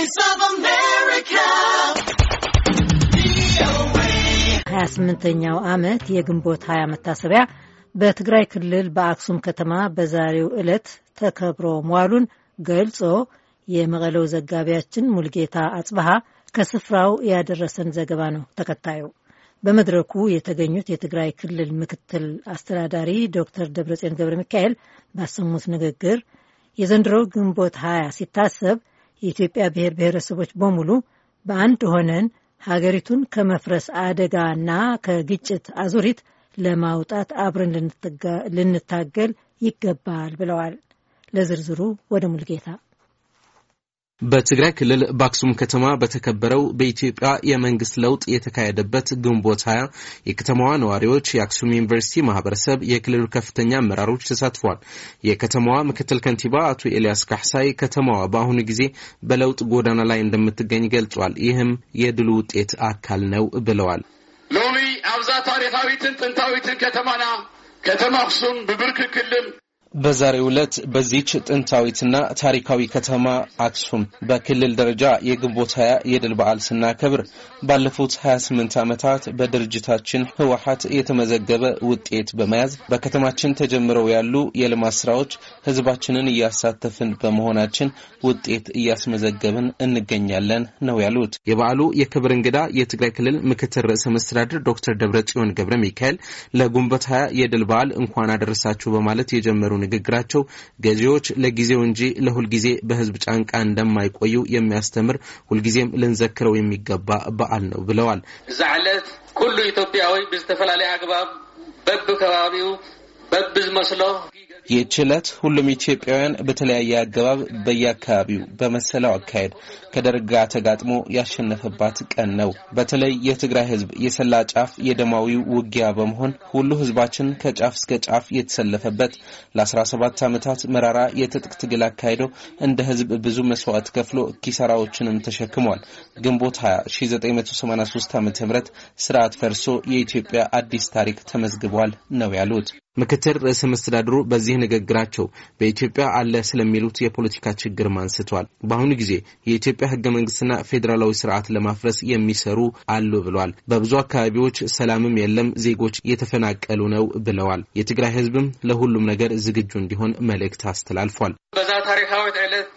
Voice of America. ሀያ ስምንተኛው ዓመት የግንቦት ሀያ መታሰቢያ በትግራይ ክልል በአክሱም ከተማ በዛሬው ዕለት ተከብሮ መዋሉን ገልጾ የመቀለው ዘጋቢያችን ሙልጌታ አጽበሃ ከስፍራው ያደረሰን ዘገባ ነው ተከታዩ። በመድረኩ የተገኙት የትግራይ ክልል ምክትል አስተዳዳሪ ዶክተር ደብረጽዮን ገብረ ሚካኤል ባሰሙት ንግግር የዘንድሮው ግንቦት ሀያ ሲታሰብ የኢትዮጵያ ብሔር ብሔረሰቦች በሙሉ በአንድ ሆነን ሀገሪቱን ከመፍረስ አደጋና ከግጭት አዙሪት ለማውጣት አብረን ልንታገል ይገባል ብለዋል። ለዝርዝሩ ወደ ሙልጌታ በትግራይ ክልል በአክሱም ከተማ በተከበረው በኢትዮጵያ የመንግስት ለውጥ የተካሄደበት ግንቦት ሀያ የከተማዋ ነዋሪዎች፣ የአክሱም ዩኒቨርሲቲ ማህበረሰብ፣ የክልሉ ከፍተኛ አመራሮች ተሳትፏል። የከተማዋ ምክትል ከንቲባ አቶ ኤልያስ ካሕሳይ ከተማዋ በአሁኑ ጊዜ በለውጥ ጎዳና ላይ እንደምትገኝ ገልጿል። ይህም የድሉ ውጤት አካል ነው ብለዋል። ሎሚ አብዛ ታሪካዊትን ጥንታዊትን ከተማና ከተማ አክሱም ብብርኪ ክልል በዛሬ ዕለት በዚች ጥንታዊትና ታሪካዊ ከተማ አክሱም በክልል ደረጃ የግንቦት ሀያ የድል በዓል ስናከብር ባለፉት 28 ዓመታት በድርጅታችን ህወሀት የተመዘገበ ውጤት በመያዝ በከተማችን ተጀምረው ያሉ የልማት ስራዎች ህዝባችንን እያሳተፍን በመሆናችን ውጤት እያስመዘገብን እንገኛለን ነው ያሉት። የበዓሉ የክብር እንግዳ የትግራይ ክልል ምክትል ርዕሰ መስተዳድር ዶክተር ደብረ ጽዮን ገብረ ሚካኤል ለግንቦት ሀያ የድል በዓል እንኳን አደረሳችሁ በማለት የጀመሩ ንግግራቸው ገዢዎች ለጊዜው እንጂ ለሁልጊዜ በህዝብ ጫንቃ እንደማይቆዩ የሚያስተምር ሁልጊዜም ልንዘክረው የሚገባ በዓል ነው ብለዋል። እዛ ዕለት ኩሉ ኢትዮጵያዊ ብዝተፈላለየ አግባብ በብ ከባቢው በብ ዝመስሎ ይህች ዕለት ሁሉም ኢትዮጵያውያን በተለያየ አገባብ በየአካባቢው በመሰለው አካሄድ ከደርግ ጋር ተጋጥሞ ያሸነፈባት ቀን ነው። በተለይ የትግራይ ህዝብ የሰላ ጫፍ የደማዊው ውጊያ በመሆን ሁሉ ህዝባችን ከጫፍ እስከ ጫፍ የተሰለፈበት ለ17 ዓመታት መራራ የትጥቅ ትግል አካሂዶ እንደ ህዝብ ብዙ መስዋዕት ከፍሎ ኪሳራዎችንም ተሸክሟል። ግንቦት 20 1983 ዓ ም ስርዓት ፈርሶ የኢትዮጵያ አዲስ ታሪክ ተመዝግቧል ነው ያሉት ምክትል ርዕሰ መስተዳድሩ በዚህ በዚህ ንግግራቸው በኢትዮጵያ አለ ስለሚሉት የፖለቲካ ችግርም አንስተዋል። በአሁኑ ጊዜ የኢትዮጵያ ህገ መንግስትና ፌዴራላዊ ስርዓት ለማፍረስ የሚሰሩ አሉ ብለዋል። በብዙ አካባቢዎች ሰላምም የለም፣ ዜጎች እየተፈናቀሉ ነው ብለዋል። የትግራይ ህዝብም ለሁሉም ነገር ዝግጁ እንዲሆን መልእክት አስተላልፏል። በዛ ታሪካዊት ዕለት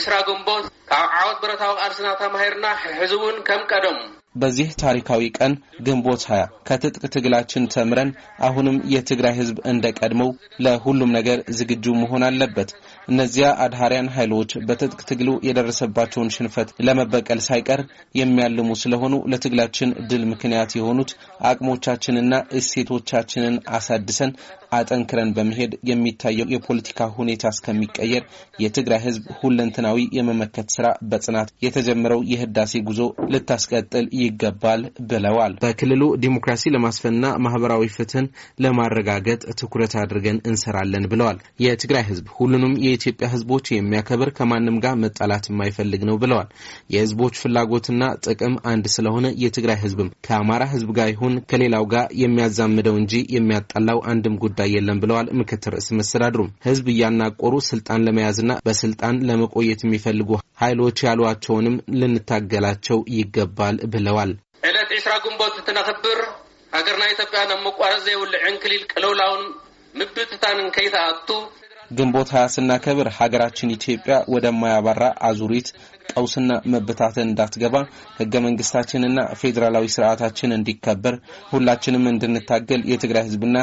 ዕስራ ግንቦት ካብ ዓወት ብረታዊ ቃልስና ተማሂርና ህዝቡን ከም ቀደሙ በዚህ ታሪካዊ ቀን ግንቦት ሀያ ከትጥቅ ትግላችን ተምረን አሁንም የትግራይ ህዝብ እንደ ቀድሞው ለሁሉም ነገር ዝግጁ መሆን አለበት። እነዚያ አድሃሪያን ኃይሎች በትጥቅ ትግሉ የደረሰባቸውን ሽንፈት ለመበቀል ሳይቀር የሚያልሙ ስለሆኑ ለትግላችን ድል ምክንያት የሆኑት አቅሞቻችንና እሴቶቻችንን አሳድሰን አጠንክረን በመሄድ የሚታየው የፖለቲካ ሁኔታ እስከሚቀየር የትግራይ ሕዝብ ሁለንትናዊ የመመከት ስራ በጽናት የተጀመረው የህዳሴ ጉዞ ልታስቀጥል ይገባል ብለዋል። በክልሉ ዲሞክራሲ ለማስፈንና ማህበራዊ ፍትህን ለማረጋገጥ ትኩረት አድርገን እንሰራለን ብለዋል። የትግራይ ሕዝብ ሁሉንም የኢትዮጵያ ህዝቦች የሚያከብር ከማንም ጋር መጣላት የማይፈልግ ነው ብለዋል። የህዝቦች ፍላጎትና ጥቅም አንድ ስለሆነ የትግራይ ህዝብም ከአማራ ህዝብ ጋር ይሁን ከሌላው ጋር የሚያዛምደው እንጂ የሚያጣላው አንድም ጉዳይ የለም ብለዋል። ምክትል ርዕሰ መስተዳድሩም ህዝብ እያናቆሩ ስልጣን ለመያዝና በስልጣን ለመቆየት የሚፈልጉ ኃይሎች ያሏቸውንም ልንታገላቸው ይገባል ብለዋል። ዕለት ዒስራ ግንቦት እንትነኽብር ሃገርና ኢትዮጵያ ናብ መቋረፂ የውልዕን ቅልውላውን ምብትታንን ከይተኣቱ ግንቦት ሀያ ስናከብር ሀገራችን ኢትዮጵያ ወደማያባራ አዙሪት ቀውስና መበታተን እንዳትገባ ህገ መንግስታችንና ፌዴራላዊ ስርዓታችን እንዲከበር ሁላችንም እንድንታገል የትግራይ ህዝብና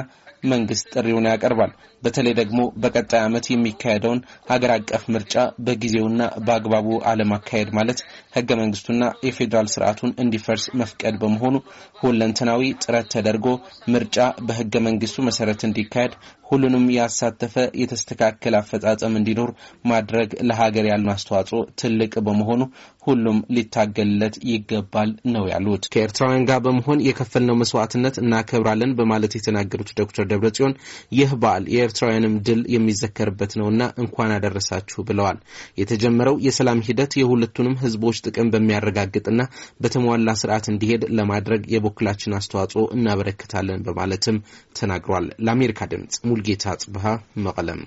መንግስት ጥሪውን ያቀርባል። በተለይ ደግሞ በቀጣይ ዓመት የሚካሄደውን ሀገር አቀፍ ምርጫ በጊዜውና በአግባቡ አለማካሄድ ማለት ህገ መንግስቱና የፌዴራል ስርዓቱን እንዲፈርስ መፍቀድ በመሆኑ ሁለንተናዊ ጥረት ተደርጎ ምርጫ በህገ መንግስቱ መሰረት እንዲካሄድ ሁሉንም ያሳተፈ የተስተካከለ አፈጻጸም እንዲኖር ማድረግ ለሀገር ያለው አስተዋጽኦ ትልቅ በመሆኑ ሁሉም ሊታገልለት ይገባል ነው ያሉት። ከኤርትራውያን ጋር በመሆን የከፈልነው መስዋዕትነት እናከብራለን በማለት የተናገሩት ዶክተር ደብረ ጽዮን ይህ በዓል የኤርትራውያንም ድል የሚዘከርበት ነውና እንኳን አደረሳችሁ ብለዋል። የተጀመረው የሰላም ሂደት የሁለቱንም ህዝቦች ጥቅም በሚያረጋግጥና በተሟላ ስርዓት እንዲሄድ ለማድረግ የበኩላችን አስተዋጽኦ እናበረክታለን በማለትም ተናግሯል። ለአሜሪካ ድምጽ ጌታ ጽብሃ መቐለም